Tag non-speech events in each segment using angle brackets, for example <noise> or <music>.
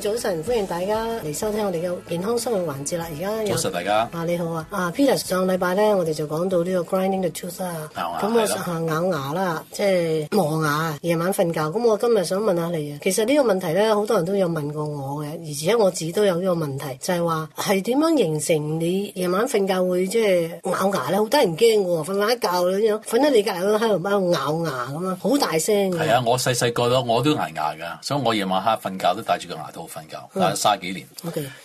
早晨，歡迎大家嚟收聽我哋嘅健康生活環節啦！而家早晨大家啊，你好啊，啊 Peter，上個禮拜咧，我哋就講到呢個 grinding the tooth 下、嗯啊嗯嗯、咬牙啦，即係磨牙，夜晚瞓覺。咁我今日想問下你啊，其實呢個問題咧，好多人都有問過我嘅，而且我自己都有呢個問題，就係話係點樣形成你夜晚瞓覺會即係咬牙咧？好得人驚嘅喎，瞓下一覺咁樣，瞓得你隔籬喺度喺度咬牙咁啊，好大聲嘅。係啊，我細細個咯，我都牙牙㗎，所以我夜晚黑瞓覺都戴住個牙套。瞓覺，但係三十幾年。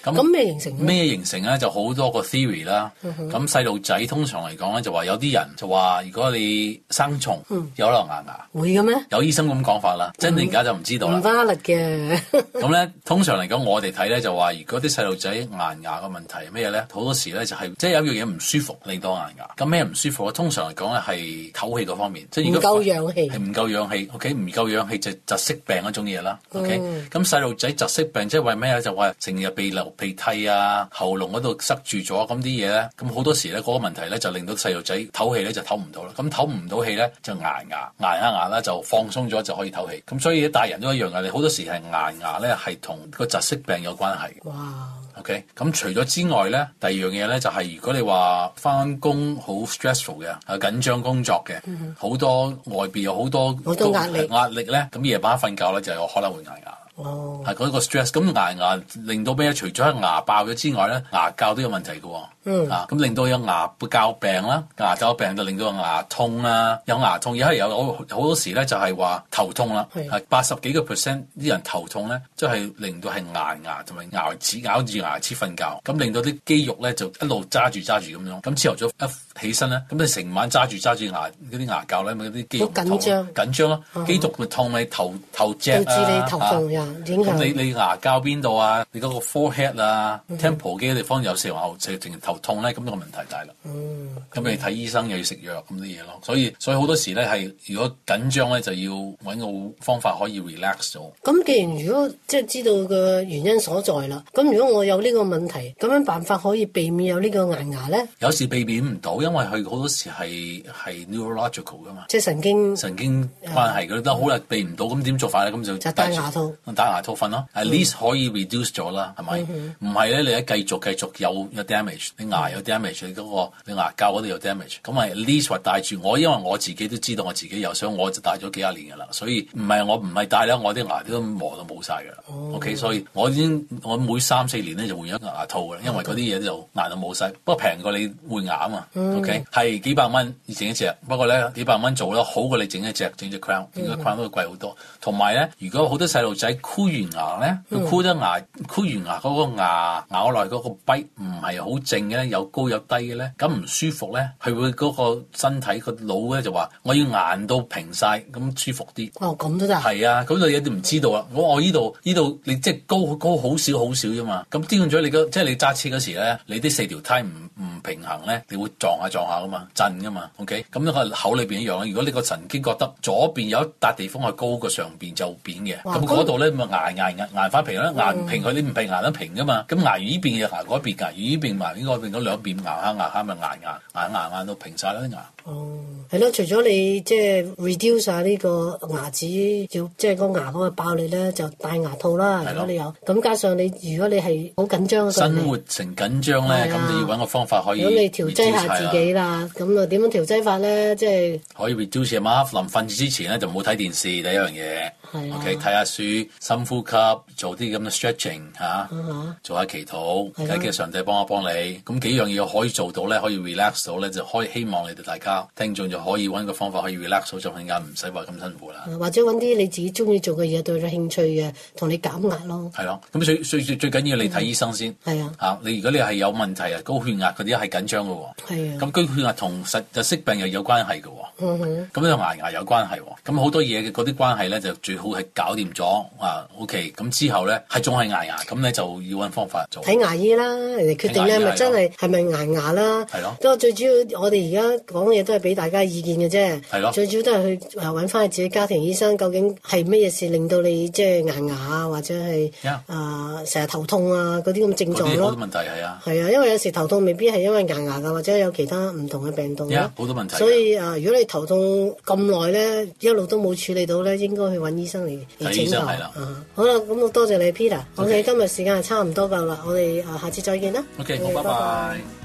咁咁咩形成咧？咩形成咧？就好多個 theory 啦。咁細路仔通常嚟講咧，就話有啲人就話，如果你生蟲，嗯、有冇爛牙，牙？會嘅咩？有醫生咁講法啦。真係而家就唔知道啦。唔 v a 嘅。咁 <laughs> 咧，通常嚟講，我哋睇咧就話，如果啲細路仔爛牙嘅問題咩嘢咧，好多時咧就係即係有一樣嘢唔舒服令到爛牙。咁咩唔舒服咧？通常嚟講咧係唞氣嗰方面，即係如果唔夠氧氣。係唔夠氧氣。O K。唔夠氧氣就窒息病嗰種嘢啦。O K。咁細路仔窒息。病即係為咩咧？就話成日鼻流鼻涕啊，喉嚨嗰度塞住咗，咁啲嘢咧，咁好多時咧嗰個問題咧就令到細路仔唞氣咧就唞唔到啦。咁唞唔到氣咧就，牙，就牙，捱牙，捱下牙咧就放鬆咗就可以唞氣。咁所以大人都一樣嘅，你好多時係捱牙咧係同個窒息病有關係。哇！OK，咁除咗之外咧，第二樣嘢咧就係、是、如果你話翻工好 stressful 嘅，啊緊張工作嘅，好、嗯、多外邊有好多，多壓力、呃、壓力咧，咁夜晚瞓覺咧就有可能會捱牙。係、oh. 嗰個 stress，咁牙牙令到咩？除咗牙爆咗之外咧，牙骹都有問題嘅喎、哦。嗯。啊，咁令到有牙骹病啦，牙骹病就令到有牙痛啦。有牙痛，而家有好多時咧，就係話頭痛啦。係。八十幾個 percent 啲人頭痛咧，即、就、係、是、令到係牙牙同埋咬齒咬住牙齒瞓覺，咁令到啲肌肉咧就一路揸住揸住咁樣。咁朝頭早一起身咧，咁你成晚揸住揸住牙嗰啲牙骹咧，咪啲肌肉緊張緊張咯、啊。肌肉咪痛咪、mm. 頭頭脹啊！你頭痛、啊你你牙膠邊度啊？你嗰個 forehead 啊、temple 嘅地方有時就直情頭痛咧，咁、那、呢個問題大啦。咁、嗯、你睇醫生、嗯、又要食藥咁啲嘢咯。所以所以好多時咧，係如果緊張咧，就要揾個方法可以 relax 咗。咁既然如果即係、就是、知道個原因所在啦，咁如果我有呢個問題，咁樣辦法可以避免有呢個牙牙咧？有時避免唔到，因為佢好多時係 neurological 噶嘛，即係神經神經關係噶。得好啦，避唔到咁點做法咧？咁就戴、就是、牙套。嗯。打牙套瞓咯、啊 mm -hmm.，at least 可以 reduce 咗啦，係咪？唔係咧，你一繼續繼續有有 damage，你牙有 damage，mm -hmm. 你嗰、那個你牙膠嗰度有 damage，咁、mm、咪 -hmm. at least 話戴住。我因為我自己都知道我自己有想，我就戴咗幾廿年噶啦，所以唔係我唔係戴啦，我啲牙都磨到冇晒噶啦。Mm -hmm. OK，所以我已經我每三四年咧就換咗牙套啦，因為嗰啲嘢就牙就冇晒。不過平過你換牙啊嘛。Mm -hmm. OK，係幾百蚊整一隻，不過咧幾百蚊做啦，好過你整一隻整隻 crown，應該 crown 都貴好多。同埋咧，如果好多細路仔。箍完牙咧，佢箍得牙，箍、嗯、完牙嗰個牙，牙咬落嚟嗰個 bite 唔係好正嘅咧，有高有低嘅咧，咁唔舒服咧，佢會嗰個身體個腦咧就話我要硬到平晒，咁舒服啲。哦，咁都得？係啊，咁就有啲唔知道啊。我我呢度呢度，你即係高高好少好少啫嘛。咁跌咗你個，即、就、係、是、你揸車嗰時咧，你啲四條胎唔唔平衡咧，你會撞下撞下噶嘛，震噶嘛。OK，咁咧口裏邊一樣啊。如果你個神經覺得左邊有一笪地方係高嘅，那個、上邊就扁嘅，咁嗰度咧。那個那個咁、嗯、啊，挨挨挨捱翻平啦，捱平佢，你唔平挨得平噶嘛，咁挨完依邊又挨嗰邊，捱完依邊捱依嗰邊，咁兩邊捱下挨下咪挨挨挨挨挨到平晒啦，捱。嗯係咯，除咗你即係 reduce 下呢個牙齒，即係個牙嗰個爆裂咧，就戴牙套啦。如果你有，咁加上你如果你係好緊張，生活成緊張咧，咁你要搵個方法可以 reduce。如果你調劑下自己啦，咁啊點樣調劑法咧，即係、就是、可以 reduce 下。晚黑臨瞓之前咧，就唔好睇電視，第一樣嘢。係 O K 睇下書，深呼吸，做啲咁嘅 stretching 嚇、啊 uh -huh，做下祈禱，睇下其實上帝幫一幫你。咁幾樣嘢可以做到咧，可以 relax 到咧，就可以希望你哋大家聽眾。就可以揾個方法可以 relax，做就更加唔使話咁辛苦啦。或者揾啲你自己中意做嘅嘢，對你興趣嘅，同你減壓咯。係咯，咁最最最緊要你睇醫生先。係、嗯、啊。嚇，你如果你係有問題啊，高血壓嗰啲係緊張嘅喎。係啊。咁高血壓同實就色病又有關係嘅喎。咁、嗯、又牙牙有關係喎。咁好多嘢嘅嗰啲關係咧，就最好係搞掂咗啊。OK，咁之後咧係仲係牙牙，咁咧就要揾方法做。睇牙醫啦，人哋決定咧，咪真係係咪牙牙啦。係咯。不過最主要，我哋而家講嘅嘢都係俾大家，意見嘅啫，最主要都係去揾翻自己家庭醫生，究竟係乜嘢事令到你即係牙牙啊，或者係啊成日頭痛啊嗰啲咁症狀咯。嗰啲冇問題係啊，係啊，因為有時頭痛未必係因為牙牙㗎，或者有其他唔同嘅病痛。好、yeah, 多問題。所以啊、呃，如果你頭痛咁耐咧，一路都冇處理到咧，應該去揾醫生嚟嚟檢查啦。好啦，咁我多謝你，Peter。OK，我哋今日時間係差唔多夠啦，我哋啊下次再見啦。OK，好，拜拜。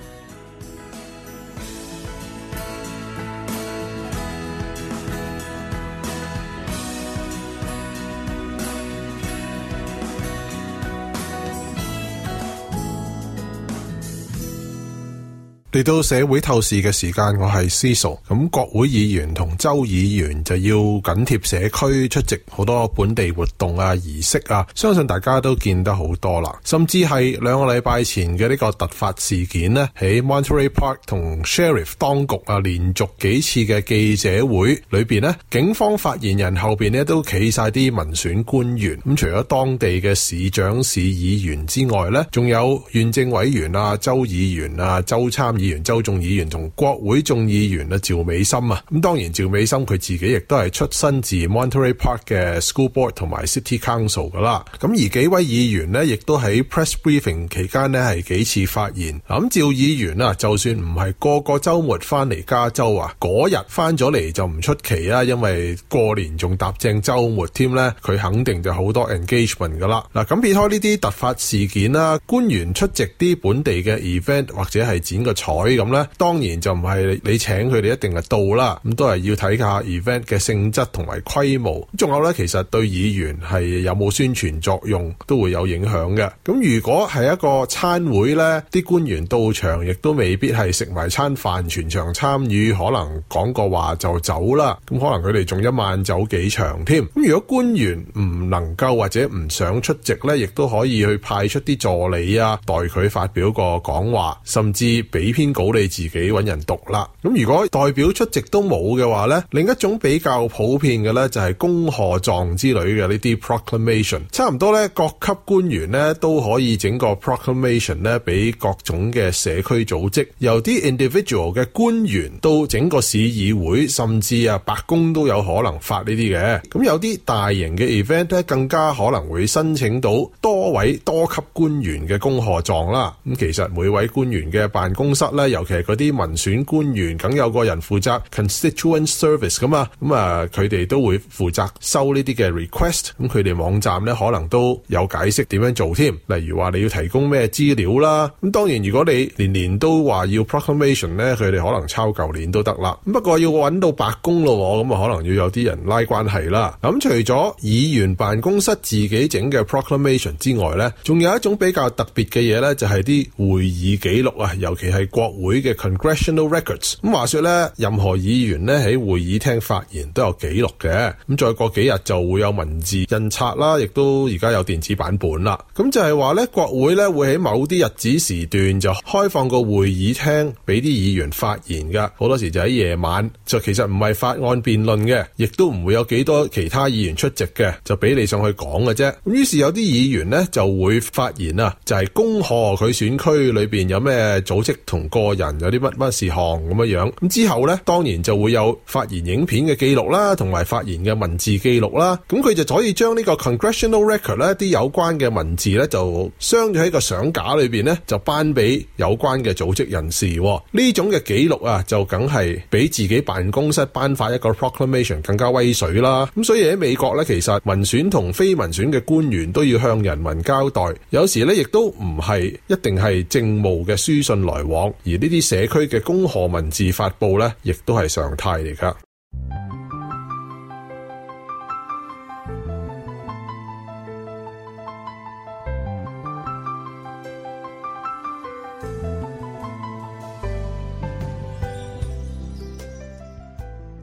嚟到社會透視嘅時間，我係司素。咁國會議員同州議員就要緊貼社區出席好多本地活動啊、儀式啊。相信大家都見得好多啦。甚至係兩個禮拜前嘅呢個突發事件呢，喺 Monterey Park 同 Sheriff 當局啊，連續幾次嘅記者會裏邊呢，警方發言人後邊咧都企晒啲民選官員。咁除咗當地嘅市長、市議員之外呢，仲有縣政委員啊、州議員啊、州參議員，啊。州眾議員同國會眾議員啊，趙美心啊，咁當然趙美心佢自己亦都係出身自 Monterey Park 嘅 School Board 同埋 City Council 噶啦，咁而幾位議員咧，亦都喺 Press Briefing 期間咧係幾次發言。咁趙議員啊，就算唔係個個周末翻嚟加州啊，嗰日翻咗嚟就唔出奇啊，因為過年仲搭正周末添、啊、咧，佢肯定就好多 engagement 噶啦。嗱、啊，咁撇開呢啲突發事件啦、啊，官員出席啲本地嘅 event 或者係剪個咁咧，當然就唔係你請佢哋一定係到啦，咁都係要睇下 event 嘅性質同埋規模。仲有咧，其實對議員係有冇宣傳作用都會有影響嘅。咁如果係一個餐會咧，啲官員到場亦都未必係食埋餐飯，全場參與，可能講個話就走啦。咁可能佢哋仲一晚走幾場添。咁如果官員唔能夠或者唔想出席咧，亦都可以去派出啲助理啊，代佢發表個講話，甚至俾。先稿，你自己揾人讀啦。咁如果代表出席都冇嘅話咧，另一種比較普遍嘅咧就係恭賀狀之類嘅呢啲 proclamation。差唔多咧，各級官員咧都可以整個 proclamation 咧，俾各種嘅社區組織，由啲 individual 嘅官員到整個市議會，甚至啊白宮都有可能發呢啲嘅。咁有啲大型嘅 event 咧，更加可能會申請到多位多級官員嘅恭賀狀啦。咁其實每位官員嘅辦公室。咧，尤其係嗰啲民選官員，梗有個人負責 constituent service 咁啊，咁啊，佢哋都會負責收呢啲嘅 request。咁佢哋網站咧，可能都有解釋點樣做添。例如話你要提供咩資料啦，咁當然如果你年年都話要 proclamation 咧，佢哋可能抄舊年都得啦。不過要搵到白宮咯，咁啊，可能要有啲人拉關係啦。咁除咗議員辦公室自己整嘅 proclamation 之外咧，仲有一種比較特別嘅嘢咧，就係啲會議記錄啊，尤其係。國會嘅 Congressional Records 咁話說咧，任何議員咧喺會議廳發言都有記錄嘅。咁再過幾日就會有文字印刷啦，亦都而家有電子版本啦。咁就係話咧，國會咧會喺某啲日子時段就開放個會議廳俾啲議員發言噶。好多時就喺夜晚，就其實唔係法案辯論嘅，亦都唔會有幾多其他議員出席嘅，就俾你上去講嘅啫。咁於是有啲議員咧就會發言啊，就係恭賀佢選區裏邊有咩組織同個人有啲乜乜事項咁樣，咁之後呢，當然就會有發言影片嘅記錄啦，同埋發言嘅文字記錄啦。咁佢就可以將呢個 Congressional Record 呢啲有關嘅文字呢，就裝咗喺個相架裏面，呢就頒俾有關嘅組織人士。呢種嘅記錄啊，就梗係比自己辦公室頒發一個 proclamation 更加威水啦。咁所以喺美國呢，其實民選同非民選嘅官員都要向人民交代，有時呢，亦都唔係一定係政務嘅書信來往。而呢啲社區嘅公號文字發布咧，亦都係常態嚟噶。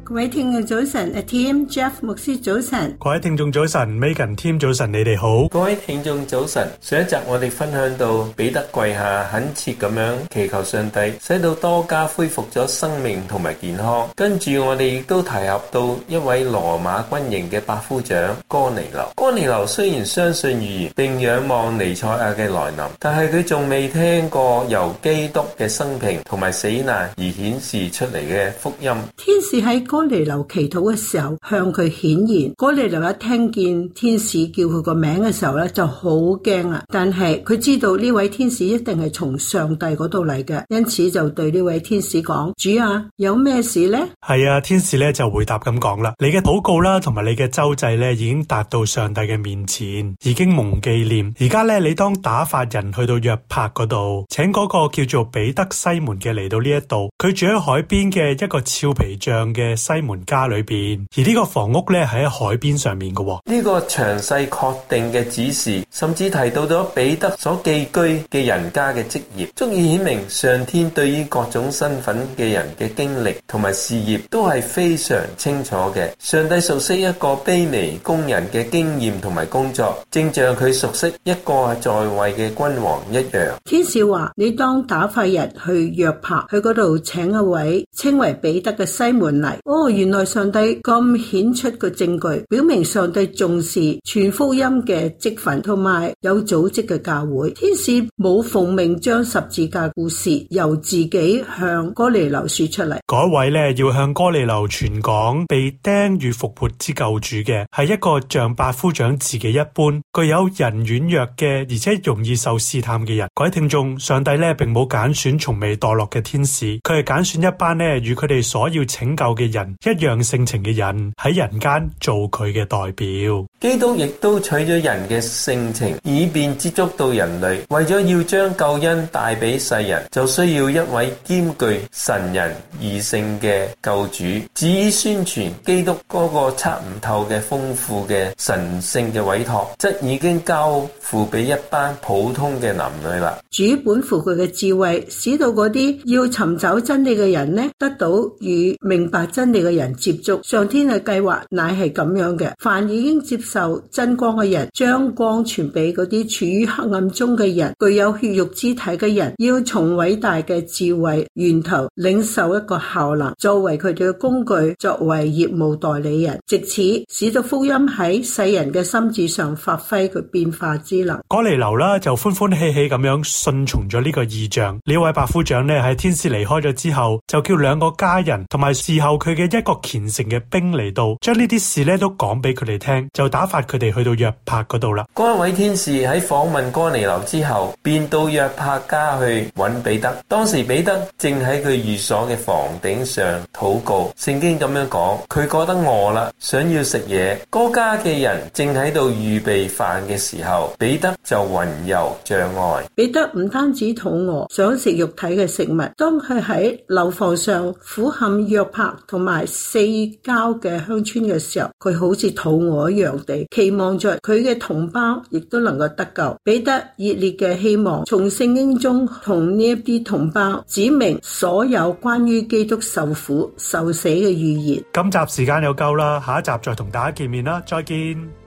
各位聽眾早晨，Tim Jeff 牧師早晨，各位聽眾早晨，Megan Tim 早晨，你哋好，各位聽眾早晨。上一集我哋分享到彼得跪下懇切咁樣祈求上帝，使到多加恢復咗生命同埋健康。跟住我哋亦都提及到一位羅馬軍營嘅百夫長哥尼流。哥尼流雖然相信預言並仰望彌賽亞嘅來臨，但係佢仲未聽過由基督嘅生平同埋死難而顯示出嚟嘅福音。天使喺個。哥尼流祈禱嘅時候，向佢顯現。哥尼流一聽見天使叫佢個名嘅時候咧，就好驚啊！但係佢知道呢位天使一定係從上帝嗰度嚟嘅，因此就對呢位天使講：主啊，有咩事呢？係啊，天使咧就回答咁講啦：你嘅禱告啦，同埋你嘅周濟咧，已經達到上帝嘅面前，已經蒙紀念。而家咧，你當打發人去到約帕嗰度，請嗰個叫做彼得西門嘅嚟到呢一度，佢住喺海邊嘅一個硝皮匠嘅。西門家裏邊，而呢個房屋咧喺海邊上面嘅、哦。呢、這個詳細確定嘅指示，甚至提到咗彼得所寄居嘅人家嘅職業。足以顯明，上天對於各種身份嘅人嘅經歷同埋事業，都係非常清楚嘅。上帝熟悉一個卑微工人嘅經驗同埋工作，正像佢熟悉一個在位嘅君王一樣。天使話：你當打發人去約帕，去嗰度請一位稱為彼得嘅西門嚟。哦，原來上帝咁顯出個證據，表明上帝重視傳福音嘅職份同埋有組織嘅教會。天使冇奉命將十字架故事由自己向哥尼流說出嚟。嗰位咧要向哥尼流傳講被釘與復活之救主嘅，係一個像百夫長，自己一般具有人軟弱嘅，而且容易受試探嘅人。各位聽眾，上帝咧並冇揀選從未墮落嘅天使，佢係揀選一班咧與佢哋所要拯救嘅人。一樣性情嘅人喺人間做佢嘅代表，基督亦都取咗人嘅性情，以便接觸到人類。為咗要將救恩帶俾世人，就需要一位兼具神人二性嘅救主。至於宣傳基督嗰個測唔透嘅豐富嘅神聖嘅委託，則已經交付俾一班普通嘅男女啦。主本乎佢嘅智慧，使到嗰啲要尋找真理嘅人呢，得到與明白真理嘅人接觸，上天嘅計劃乃係咁樣嘅。凡已經接受真光嘅人，將光傳俾嗰啲處於黑暗中嘅人，具有血肉之體嘅人，要從偉大嘅智慧源頭領受一個效能，作為佢哋嘅工具，作為業務代理人，藉此使到福音喺世人嘅心智上發揮佢變化之能。哥尼流呢，就歡歡喜喜咁樣順從咗呢個異象。呢位百夫長呢，喺天使離開咗之後，就叫兩個家人同埋侍候佢，嘅一個虔誠嘅兵嚟到，將呢啲事咧都講俾佢哋聽，就打發佢哋去到約帕嗰度啦。嗰位天使喺訪問哥尼流之後，便到約帕家去揾彼得。當時彼得正喺佢寓所嘅房頂上禱告。聖經咁樣講，佢覺得餓啦，想要食嘢。哥家嘅人正喺度預備飯嘅時候，彼得就魂遊象外。彼得唔單止肚餓，想食肉體嘅食物。當佢喺樓房上俯瞰約帕同。埋四郊嘅鄉村嘅時候，佢好似肚餓一樣地，期望着佢嘅同胞亦都能夠得救，俾得熱烈嘅希望。從聖經中同呢一啲同胞指明所有關於基督受苦受死嘅預言。今集時間又夠啦，下一集再同大家見面啦，再見。